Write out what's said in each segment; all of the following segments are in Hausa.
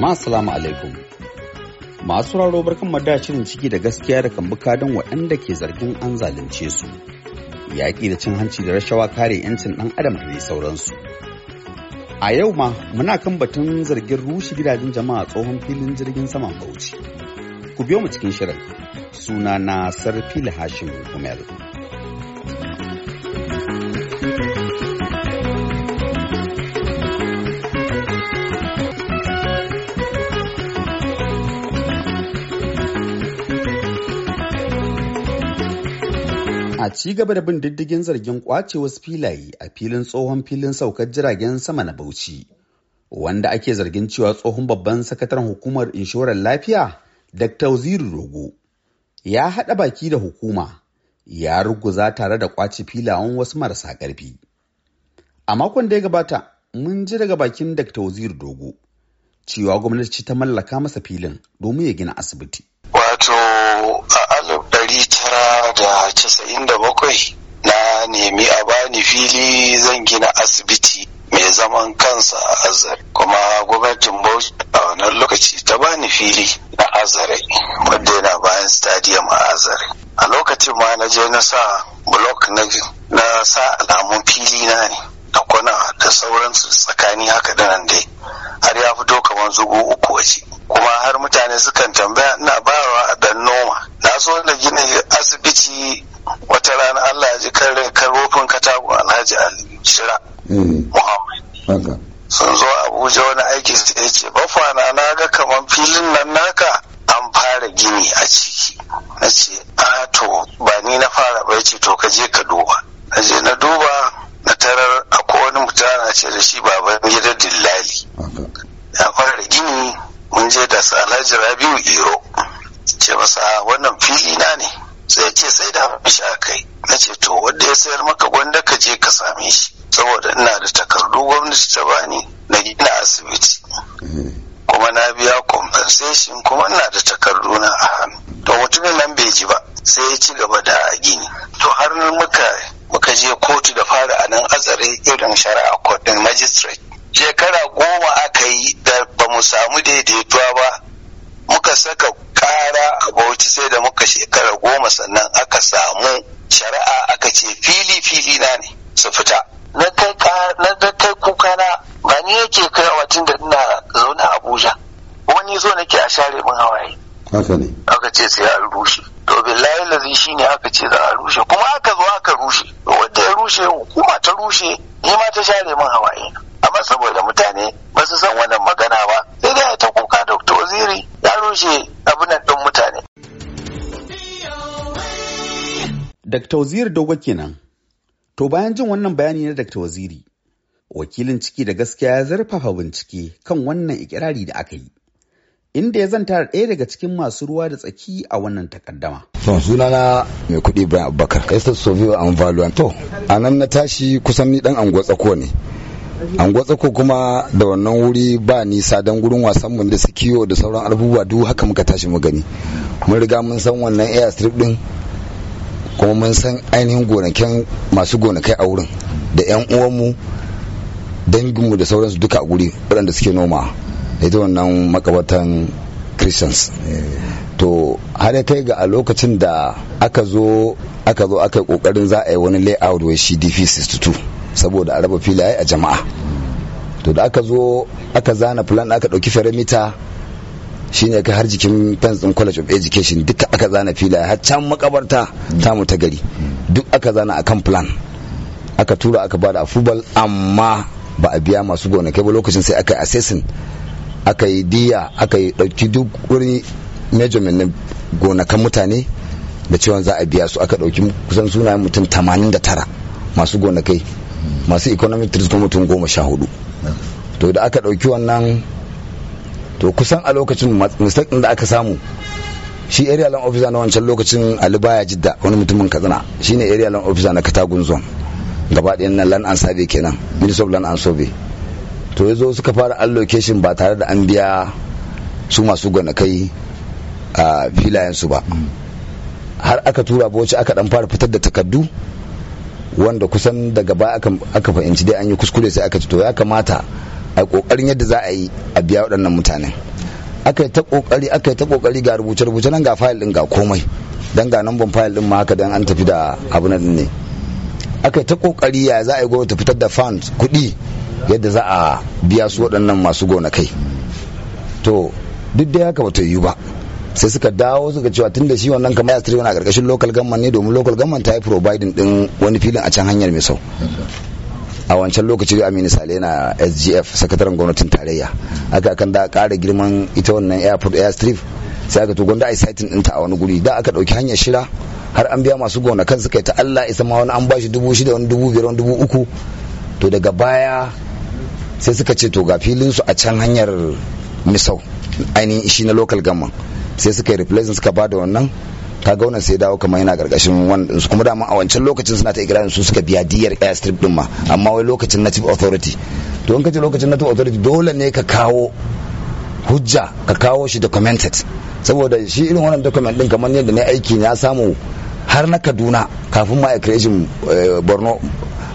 jama'a salamu alaikum masu raro barkan madashin ciki da gaskiya da kan don waɗanda ke zargin an zalunce su yaƙi da cin hanci da rashawa kare 'yancin ɗan adam da dai sauransu a yau ma muna kan batun zargin rushe gidajen jama'a tsohon filin jirgin saman bauchi ku biyo mu cikin shirin suna na sarfil hashim gumel a ci gaba da bin diddigin zargin kwace wasu filaye a filin tsohon filin saukar jiragen sama na bauchi wanda ake zargin cewa tsohon babban sakataren hukumar inshorar lafiya dr uziru rogo ya haɗa baki da hukuma ya ruguza tare da kwace filayen wasu marasa ƙarfi a makon da ya gabata mun ji daga bakin dr uziru dogo cewa gwamnati ta mallaka masa filin domin ya gina asibiti wato shekara da casa'in da bakwai na nemi a bani fili zan gina asibiti mai zaman kansa a azare kuma gwamnatin bauchi a wannan lokaci ta bani fili na azare wadda yana bayan stadium a azare a lokacin ma na je na sa shira hmm. sun zo abuja wani aiki su ya ce bafana na ga kamar filin nan naka an fara gini a ciki na ce a to ba ni na fara ba ce to ka je ka duba na je na duba na tarar akwai wani mutane ce da shi baban gidan dillali ya fara gini mun je da su alhaji rabiu iro ce masa wannan fili na ne sai ce sai da shi a kai na ce to wanda ya sayar maka gwanda ka je ka same shi saboda ina da takardu gwamnati ta bani na gina asibiti kuma na biya compensation kuma ina da takardu na a hannu to mutumin nan bai ji ba sai ya ci gaba da gini to har muka muka je kotu da fara a nan azare irin shari'a na ne su fita na kai kuka na ba ni yake kai a wajen da ina zaune a abuja wani zo nake a share min hawaye haka ne aka ce sai a rushe to billahi lazi shine aka ce za a rushe kuma aka zo aka rushe wanda ya rushe hukuma ta rushe ni ma ta share min hawaye amma saboda mutane ba su san wannan magana ba sai dai ta kuka dr waziri ya rushe abinan din mutane Dr. Wazir Dogo kenan. To bayan jin wannan bayani na Dr. Waziri, wakilin ciki da gaskiya ya zarfafa bincike kan wannan ikirari da aka yi. Inda ya zanta ɗaya daga cikin masu ruwa da tsaki a wannan takaddama. Son sunana mai kuɗi Ibrahim Abubakar, Esther Sovio Anvaluan. To, a nan na tashi kusan ni ɗan anguwa tsako ne. Anguwa tsako kuma da wannan wuri ba nisa don gurin wasan mun da su kiwo da sauran abubuwa duk haka muka tashi mu gani. Mun riga mun san wannan airstrip ɗin kuma mun san ainihin gonakin masu gonakai a wurin da 'yan uwanmu danginmu da sauransu duka a guri waɗanda suke noma ita wannan makabatan christians to har ya kai ga a lokacin da aka zo aka zo aka yi kokarin za a yi wani layout wai shi dp 62 saboda a raba filaye a jama'a to da aka zo aka zana plan aka ɗauki feramita shine ka har jikin fence din college of education duka aka zana filaye har can makabarta ta mu ta gari duk aka zana akan plan aka tura aka bada fubal amma ba a biya masu gonakai ba lokacin sai aka yi assessing aka yi diya aka yi dauki duk wurin measurement na gonakan mutane da cewa za a biya su aka dauki kusan sunayen mutum 89 masu gonakai masu economic risk mutum goma sha hudu to da aka dauki wannan to kusan a lokacin mistakin da aka samu shi area land officer na wancan lokacin alibaya jidda wani mutumin katsina shine area land officer na katagun zone gaba ɗayan na land and survey kenan minister of land and survey to yazo suka fara allocation ba tare da an biya su masu gonakai a su ba har aka tura bauchi aka dan fara fitar da takardu wanda kusan daga baya aka fahimci dai an yi kuskure sai aka ci to ya kamata a kokarin yadda za a yi a biya waɗannan mutane aka yi ta kokari aka yi ta kokari ga rubuce rubuce nan ga fayil din ga komai dan ga nan ban fayil din ma haka dan an tafi da abu din ne aka yi ta kokari ya za a yi gwamnati fitar da fund kuɗi yadda za a biya su waɗannan masu gonakai to duk da haka bata yiwu ba sai suka dawo suka cewa tun da shi wannan kamar ya a ƙarƙashin local government ne domin local government ta yi providing din wani filin a can hanyar mai sau a wancan lokaci aminu sale na sgf sakataren gwamnatin tarayya aka kan da kara girman ita wannan airport airstrip sai aka to da a saitin ɗinta a wani guri da aka ɗauki hanyar shira har an biya masu gona kan suka yi ta allah isa ma wani an bashi dubu shida wani dubu biyar wani dubu uku to daga baya sai suka ce to ga filin su a can hanyar misau ainihin shi na local gama sai suka yi replacement suka bada wannan ka ga wannan sai dawo kamar yana karkashin wannan kuma da a wancan lokacin suna ta ikirarin su suka biya diyar airstrip din ma amma wai lokacin native authority to in ka lokacin native authority dole ne ka kawo hujja ka kawo shi documented saboda shi irin wannan document din kamar yadda ne aiki ya samu har na kaduna kafin ma creation eh, borno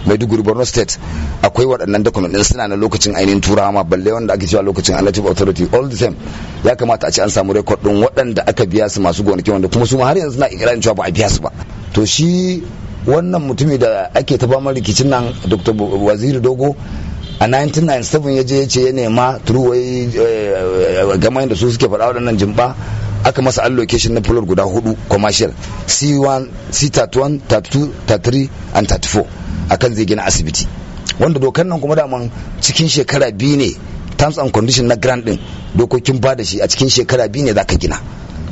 maiduguri borno state akwai waɗannan document ɗin suna na lokacin ainihin turawa ma balle wanda ake cewa lokacin native authority all the same ya kamata a ce an samu record ɗin waɗanda aka biya su masu gonaki wanda kuma su har yanzu suna ikirarin cewa ba a biya su ba to shi wannan mutumi da ake ta ba rikicin nan dr waziri dogo a 1997 ya je ce ya nema turuwai gama eh, eh, yadda su suke faɗa waɗannan jimba aka masa allocation na floor guda hudu commercial c1 c31 32 33 and 34 akan zai gina asibiti wanda dokan nan kuma daman cikin shekara biyu ne terms and condition na grant din dokokin ba da shi a cikin shekara biyu ne zaka gina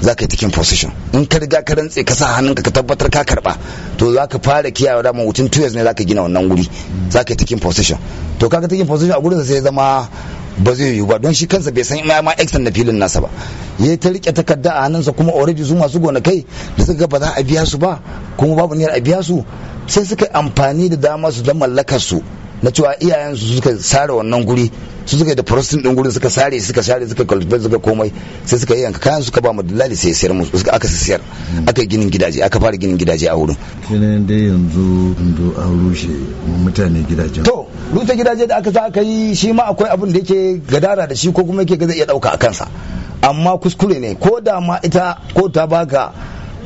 zaka yi taking position in ka riga ka rantse ka sa hannunka ka tabbatar ka karba to zaka fara kiyaye da mutum 2 years ne zaka gina wannan wuri zaka yi taking position to kaga taking position a gurin sai zama ba zai yiwu ba don shi kansa bai san ma extra extend na filin nasa ba ya ta rike takarda a hannunsa kuma already su masu kai da suka ga ba za a biya su ba kuma babu niyyar a biya su sai suka amfani da dama su don mallakar su na cewa iyayensu suka sare wannan guri su suka yi da prostin din guri suka sare suka sare suka kalfai suka komai sai suka yi yanka kayan suka ba mu dalali sai sayar musu suka aka sayar aka yi ginin gidaje aka fara ginin gidaje a wurin kenan dai yanzu ndo an rushe mutane gidajen to rushe gidaje da aka sa aka yi shi ma akwai abin da yake gadara da shi ko kuma yake ga zai iya dauka a kansa amma kuskure ne ko da ma ita ko ta baka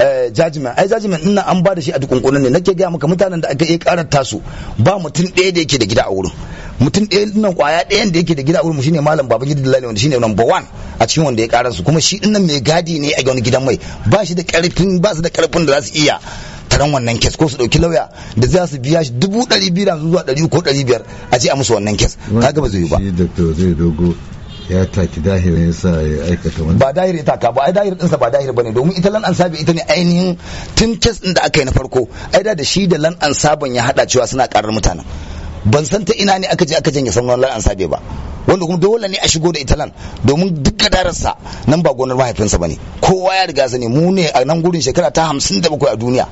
Eh, judgment ai judgment ina an ba da shi a dukunkunan ne nake gaya maka mutanen da aka yi karar tasu ba mutum ɗaya da yake da gida a wurin mutum ɗaya nan kwaya ɗaya da yake da gida a wurin shine malam babangida dalali wanda shine number one a cikin wanda ya karar su kuma shi dinnan mai gadi ne a wani gidan mai ba shi da karfin ba su da karfin da za su iya taron wannan kes ko su dauki lauya da za su biya shi dubu ɗari biyu zuwa ɗari ko ɗari biyar a ce a musu wannan kes kaga ba zai yi ba. shi doctor zai dogo ya taki dahirin sa ya aikata wani ba dahiri ta ka ba ai dahiri ɗinsa ba dahiri bane domin ita lan ansabi ita ne ainihin tun kes ɗin da aka yi na farko ai da shi da lan ansaban ya haɗa cewa suna ƙarar mutanen ban san ta ina ne aka je aka janye sanuwar lan ansabe ba wanda kuma dole ne a shigo da ita domin duk kadararsa nan ba gonar mahaifinsa bane kowa ya riga sani mu ne a nan gurin shekara ta hamsin da bakwai a duniya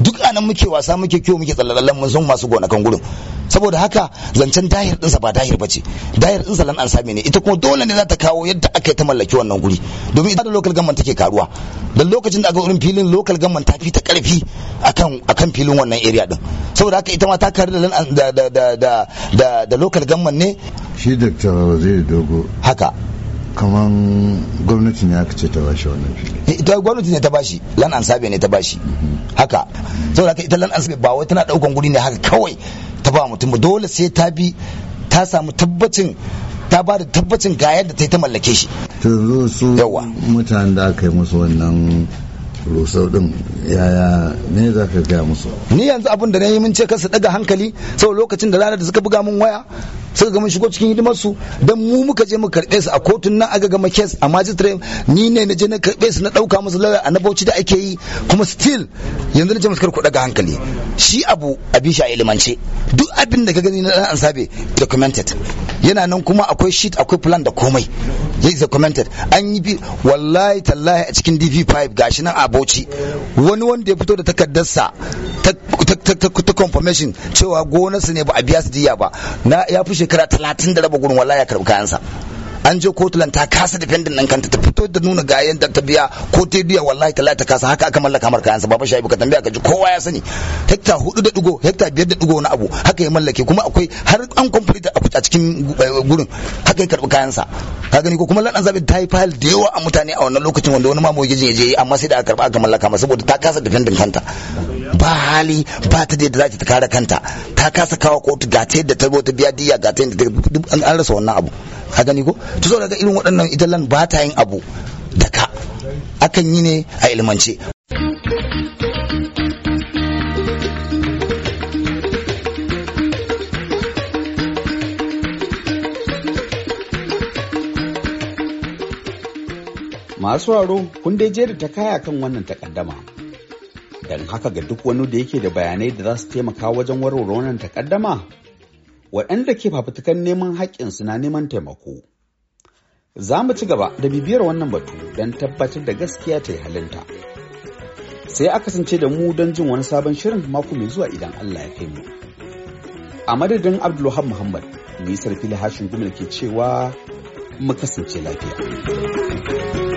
duk anan muke wasa muke kiwo muke tsallalallan mun san masu gonakan gurin saboda haka zancen dahir ɗinsa ba dahir bace dahir ɗinsa lan an same ne ita kuma dole ne za ta kawo yadda aka yi ta mallaki wannan guri domin ita da local government take karuwa dan lokacin da aka wurin filin local government ta fi ta karfi akan akan filin wannan area din saboda haka ita ma ta karu da da da da da local government ne shi dr dogo haka kaman gwamnati ne aka ce ta bashi wannan fili eh, ita gwamnati ne ta bashi lan ansabe ne ta bashi mhm. haka saboda haka ita lan ansabe ba wai tana daukan guri ne haka kawai ta ba mutum ba dole sai ta bi ta samu tabbacin ta ba da tabbacin ga yadda ta yi ta mallake shi yanzu su mutanen da aka yi musu wannan rusau din yaya ne za ka gaya musu ni yanzu abin da na yi mun ce kasu daga hankali saboda lokacin da ranar da suka buga mun waya suka ga mun shigo cikin hidimar su dan mu muka je mu karbe su a kotun nan aga gama case a magistrate ni ne na je na karbe su na dauka musu lauya a nabauci da ake yi kuma still yanzu na ce musu karku daga hankali shi abu a bisha ilimance duk abin da ka gani na dan ansabe documented yana nan kuma akwai sheet akwai plan da komai yayi documented an yi wallahi tallahi a cikin dv5 gashi nan abu bauchi wani wanda ya fito da takardarsa ta confirmation cewa gonarsa ne ba a biya su jiya ba na ya fi shekara talatin da raba gurin wallahi ya karbi kayansa an je kotulan ta kasa defending din kanta ta fito da nuna ga yadda ta biya ko ta biya wallahi ta ta kasa haka aka mallaka mar kayansa baba shayi ka tambaya ka ji kowa ya sani hekta hudu da digo hekta biyar da digo na abu haka ya mallake kuma akwai har an complete a cikin eh, gurin haka ya karbi kayansa ka gani ko kuma ladan zabi ta yi file da yawa a mutane a wannan lokacin wanda wani mamu gijin ya je amma sai da aka karba aka mallaka masa saboda ta kasa defending kanta ba hali ba ta da za ta kare kanta ta kasa kawo kotu ga ta yadda ta biya diya ga ta yadda an rasa wannan abu ka gani ko to saboda daga irin waɗannan ita lan ba ta yin abu da ka akan yi ne a ilmance masu raro kun dai jeri ta kaya kan wannan takaddama don haka ga duk wani da yake da bayanai da za su taimaka wajen warware wannan takaddama waɗanda ke fafutukan neman haƙƙinsu na neman taimako. Za mu ci gaba da bibiyar wannan batu don tabbatar da gaskiya ta yi halinta. Sai a kasance da mu don jin wani sabon shirin mako mai zuwa idan Allah ya kai mu. A madadin Abdulwahab Muhammad, Nisar Fili Hashin Gumil ke cewa mu kasance lafiya.